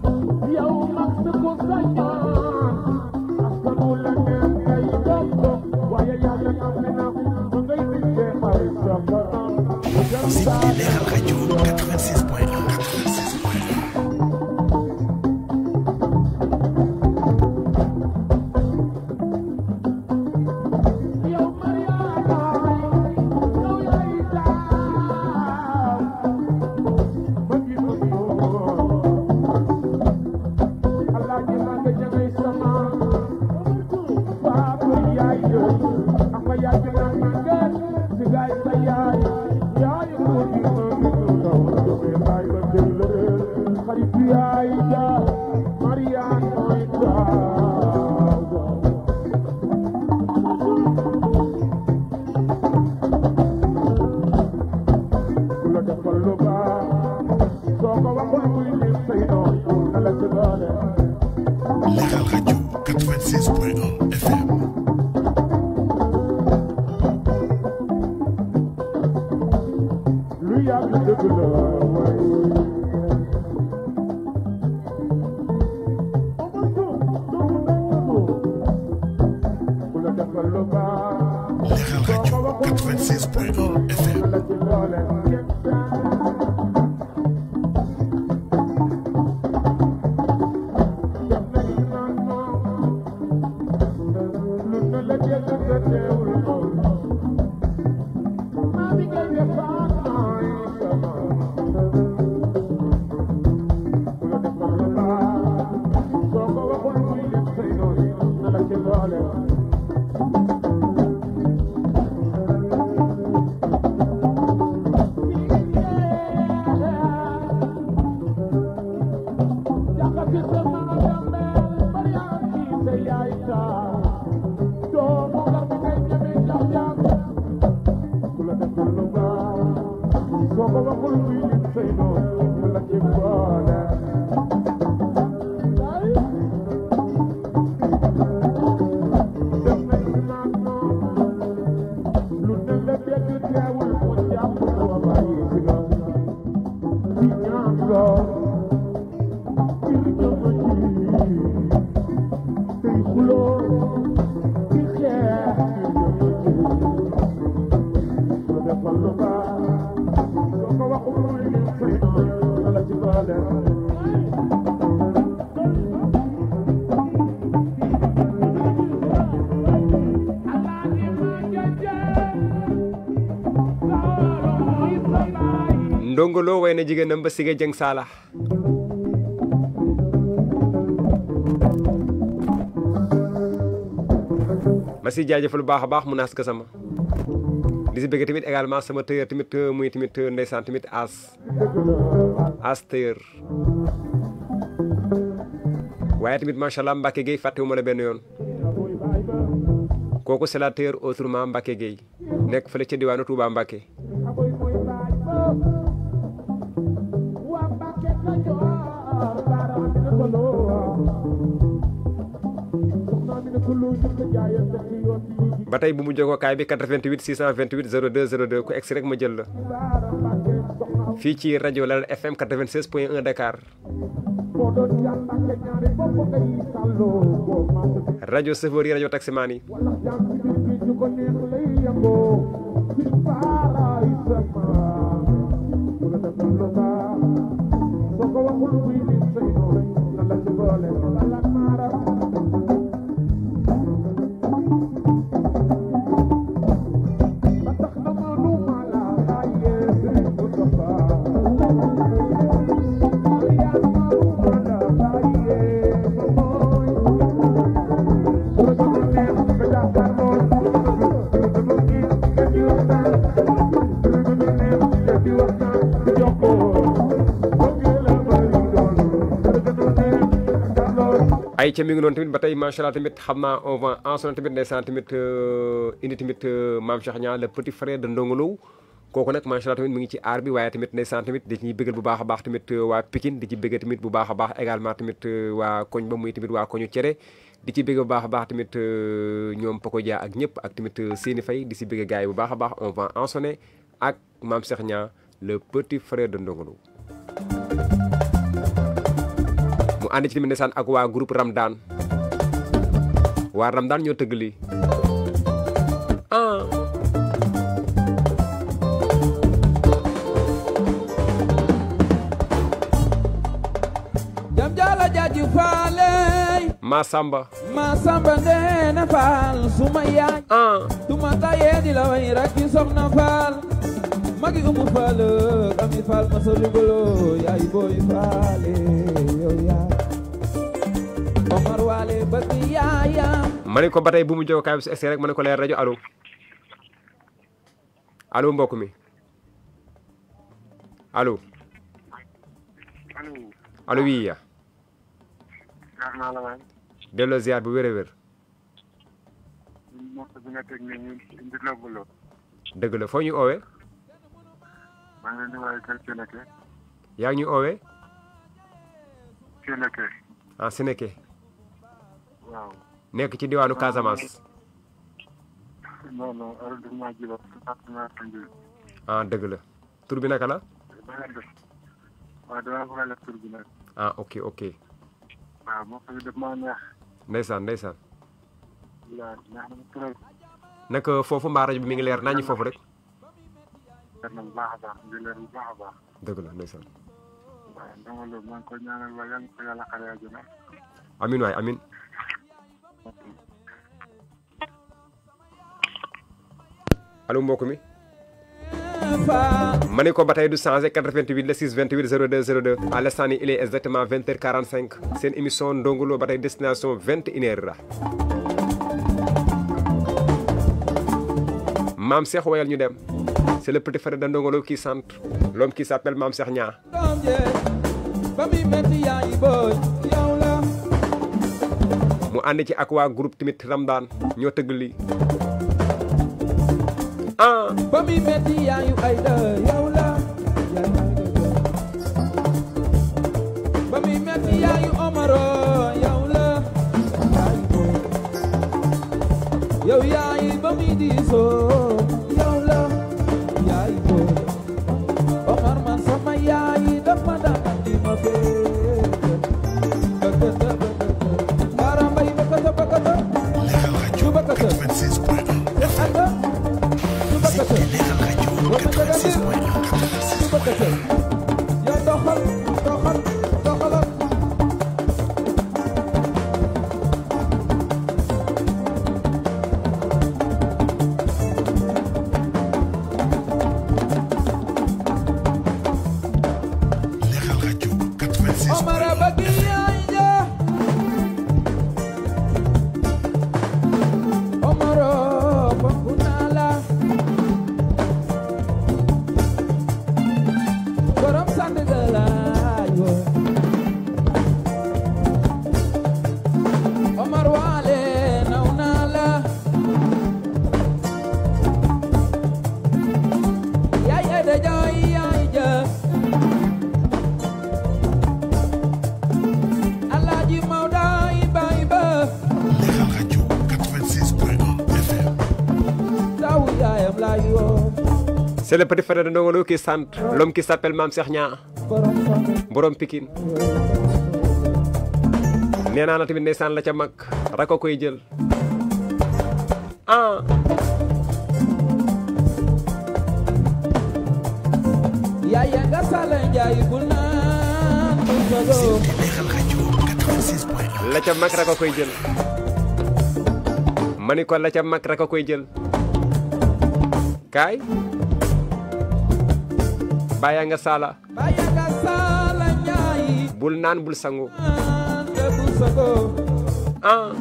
way na jigéenam ba Siga Jeng Salah ma si jaajëfal bu baax baax mu nas ka sama di si bëgg tamit également sama tëyër tamit muy tamit ndaysan tamit as as tëyër waye tamit sha allah Mbacke Gueye fàttewuma la ben yoon koku c'est la tëyër autrement Mbacke Gueye nek fele ci diwanu Touba Mbacke ba tey bu mu jokkoo kaay bi 88 628 02 02 ku egg si rek ma jël ci FM 96 point Dakar Radio chauffeur Radio rajo ca mi ngi noonu tamit batay tey macha tamit xamna on va en sonné tamit ndeysaan tamit euh, indi tamit euh, mam Cheikh Niang le petit frère de ndongolo Lo nak nag macha tamit mi ngi ci arbi bi tamit ndeysaan tamit di ci bëggal bu baax a baax tamit euh, wa Pikine di ci bëgg tamit bu baax a baax également tamit wa koñ ba muy tamit wa koñu cere di ci bëgg bu baax a baax tamit ñom Poko Dia ak ñep ak tamit seeni fay di ci bëgg gars bu baax a baax on va en sonné ak mam Cheikh Niang le petit frère de Ndongo Lo ànd ci li mu ndeysaan ak waa groupe Ramdan waa Ramdan ñoo tëgg lii ah. Masamba. Masamba ndeena faal suma yaay. ah. tuma tayee di la way rek di soxna faal. magi umu faal kami faal ma sori golo yaay booy faale yow yaay. ma ko ba tey bu mu jóg kaay bi su egsi rek ma ne ko leer rajo alo allo mbokk mi alo allo wii ya delloo bu wér a foo ñu oowee yaa ngi ñu oowee ah Sénéké nekk ci diwaanu Casamance. non non arrondissement Djilor département Foundiougne. ah dëgg la tur bi naka la. waaw oke bi ah ok ok. waaw moo xam ne daf maa neex. ndeysaan ndeysaan. waaw neex na bi mi ngi leer naa fofu rek. leer la amin way amin. allo mbokk mi maniko ne du changé 88 la 6 28 02 02 à l'instant il est exactement 20 h 45 une émission Ndongo Lo destination 21 h mam Cheikh wayal ñu dem c'est le petit frère de ndongolo qui chante l'homme qui s'appelle mam Cheikh Niang mu ànd ci aqua groupe Ramdan ñoo tëgg li ah ba muy metti yaayu ay da yow la ba muy metti yaayu omaro yow la yow yaay ba muy diisoo C'est le préféré de Ndongolo qui chante, l'homme qui s'appelle Mam Cheikh Borom la ca rako koy jël. Ah. Yaya nga sale njaay bu naan La ca mag rako koy jël. la ca rako koy jël. bàyyaa nga saala bul naan bul sangu ah,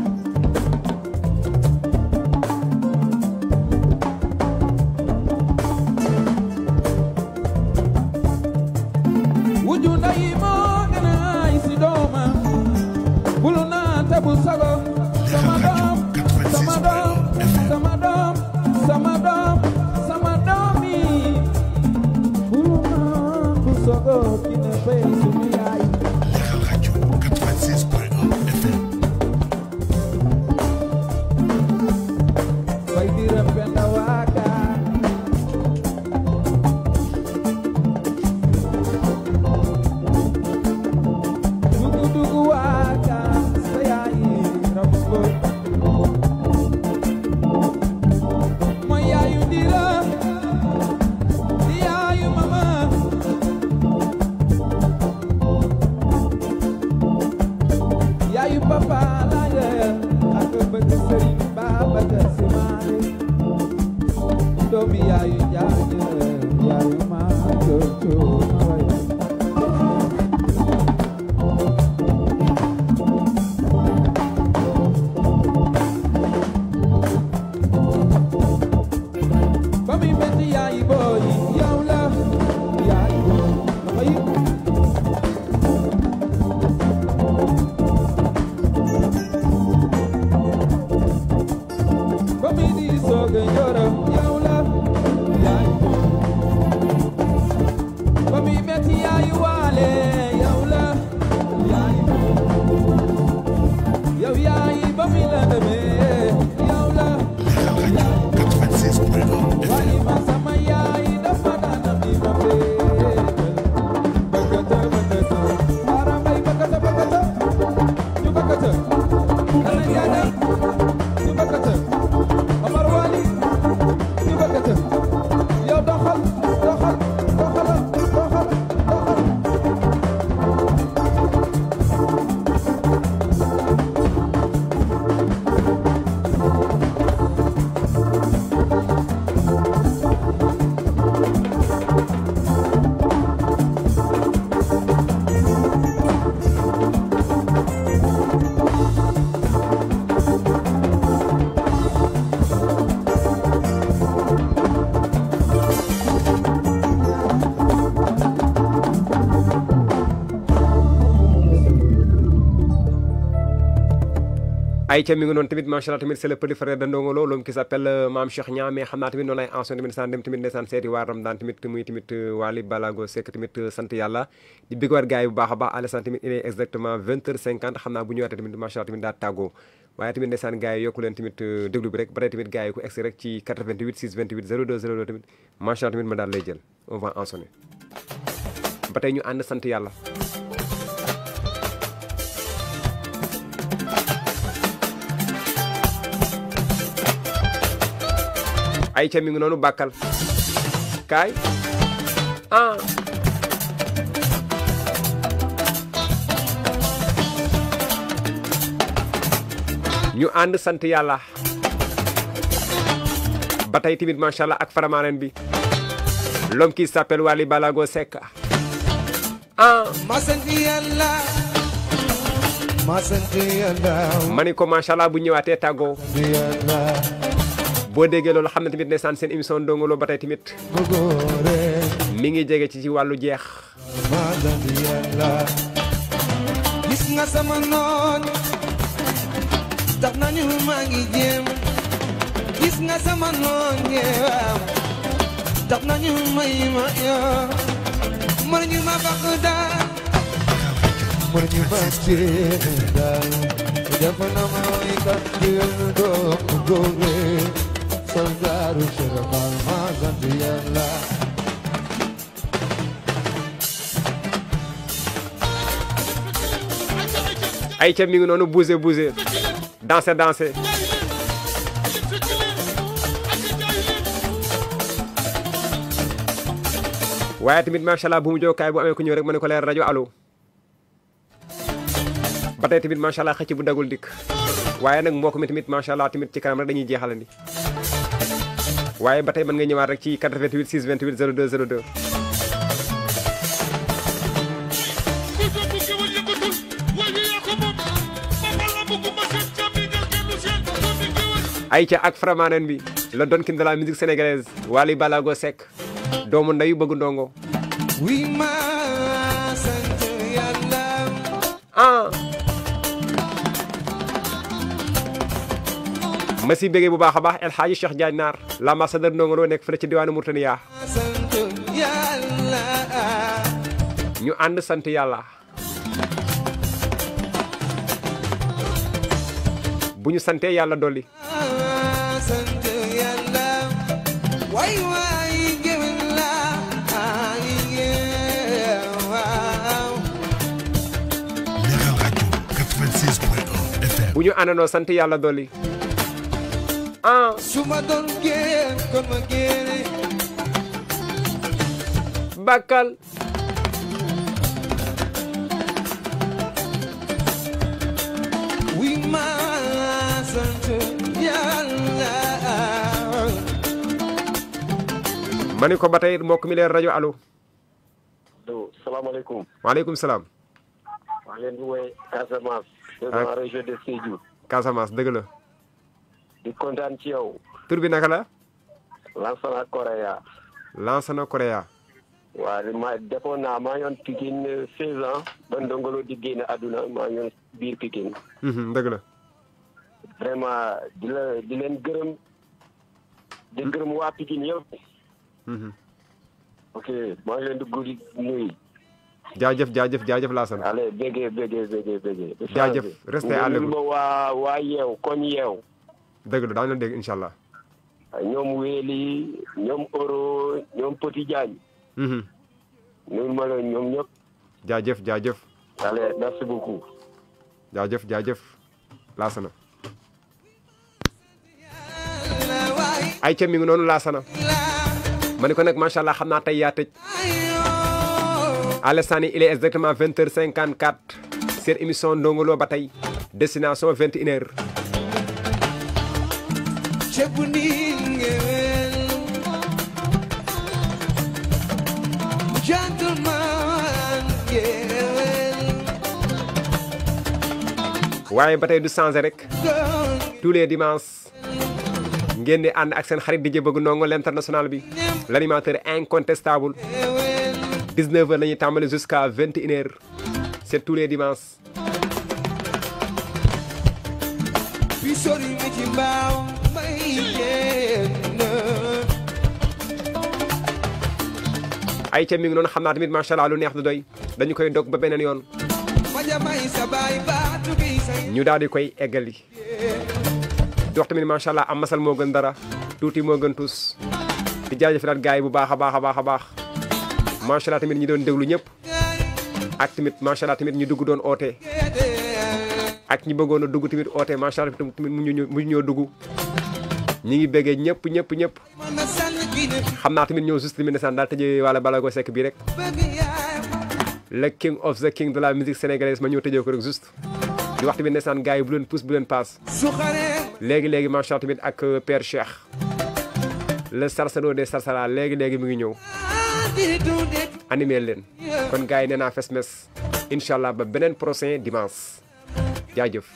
Aïcha mi ngi noonu tamit macha allah tamit c'est le petit frère de Ndongo Lo l'homme qui euh, xam naa tamit noonu ay ancien tamit san dem tamit ndeysaan seeti waa Ramadan tamit muy tamit euh, Wally Balago Seck tamit euh, sant yàlla di bigwaat gars yi bu baax a baax exactement xam naa bu ñëwaatee tamit macha allah tamit daa tàggoo waaye tamit ndeysaan gars yi yokku leen tamit déglu bi rek ba tey tamit gars ku egsi rek ci 88 628 02 ay ca mi ngi noonu bàkkal kaay ah ñu ànd sant yàlla ba tey tamit allah ak faramaaren bi l'homme qui s'appelle Wally Balago Seck ah ma ko macha allah bu ñëwaatee tàggoo boo déggee loolu xam ne tamit ndeysaan seen émission Ndongo Lo ba tey tamit mi ngi jege ci ci wàllu jeex gis nga sama noon tax ñu maa ngi jéem gis nga sama noon jeewam tax ñu may ma yoo mën ñu ma bàq daal mën ñu ma jéem daal dafa na ma ikat jéem doom góore Salgaru Shiraman Mazandiyala ay ca mi ngi noonu bouger bouger danser danser waaye tamit macha allah jow kaay bu amee ku ñëw rek ma ko leer rajo allo ba timit tamit macha allah bu dagul ci kanam rek dañuy waaye ba tey mën nga ñëwaat rek ci 88 628 02 02. Aïcha ak Framanen bi la doon kin de la musique sénégalaise Wally Balago Seck doomu ndeyu bëgg ndongo. ah. ma si bu baax a baax El Hadji Cheikh Diagne Naar l'ambassadeur Ndongo Lo nekk fële ci diwaanu Mauritania ñu ànd sant yàlla bu ñu santee yàlla dolli bu ñu àndandoo sant yàlla dolli suma doon génn kon ma génne bakkal ko ba tey mbokk mi leer rajo allo alaykum salaamaaleykum waaleykum salaam maa leen di woowee Casamance ah. région de Sédhiou Casamance deug la di kontaan ci yow. tur bi naka la. Lansana Korea. Lansana Korea. waaw ma defoon naa maa euh, ba Ndongolo di génn àdduna maa biir Pikine. Mhm, dëgg la. vraiment di la di leen gërëm. di gërëm waa Pikine yëpp. Mhm. ok maa leen di guddi nuyu. jaajëf jaajëf jaajëf Lansana. allez bégee bégee bégee jaajëf restez à l'écoute waa waa yeew koñ yeew. dëgg la daañu la dégg incha allah. ñoom Wéli ñoom Oro ñoom Petit Diagne. Mhm. ñoom ma la ñoom ñëpp. jaajëf jaajëf. allez jaajëf jaajëf laasana. ay ca mi ngi noonu laasana. ma ne ko nag macha allah xam naa tey yaa tëj. à l'instant il exactement vingt heures cinquante quatre. seen émission Ndongo ba tey. destination vingt et une waaye ba tey du changé rek tous les dimanches ngeen di ànd ak seen xarit DJ Bëgg Ndongo l'international bi l'animateur incontestable 19h la ñuy tàmbali jusqu'à 21h c'est tous les dimanches. ay ca mi ngi noonu xam naa tamit macha allah lu neex du doy dañu koy dog ba beneen yoon. ñu daal di koy eggali di tamit macha allah am masal moo gën dara tuuti moo gën tuus di jaajëfalaat gars yi bu baax a baax a baax a baax macha allah tamit ñi doon déglu ñëpp ak tamit macha ñu dugg doon oote ak ñu bëggoon a dugg tamit oote macha allah tamit mu ñoo dugg ñi ngi béggee ñëpp ñëpp ñëpp xam naa tamit ñoo juste tamit ndeysaan daal tëjee wala bala ko sekk bii rek le king of the king de la ñëw tëjee ko rek juste di wax tamit ndeysaan gars yi bu leen pousse bu leen paas léegi léegi macha tamit ak euh, père Cheikh le sarsaro des sarsara léegi léegi mu ngi ñëw animé leen kon gars yi nee naa fes mes incha allah ba beneen prochain dimanche jaajëf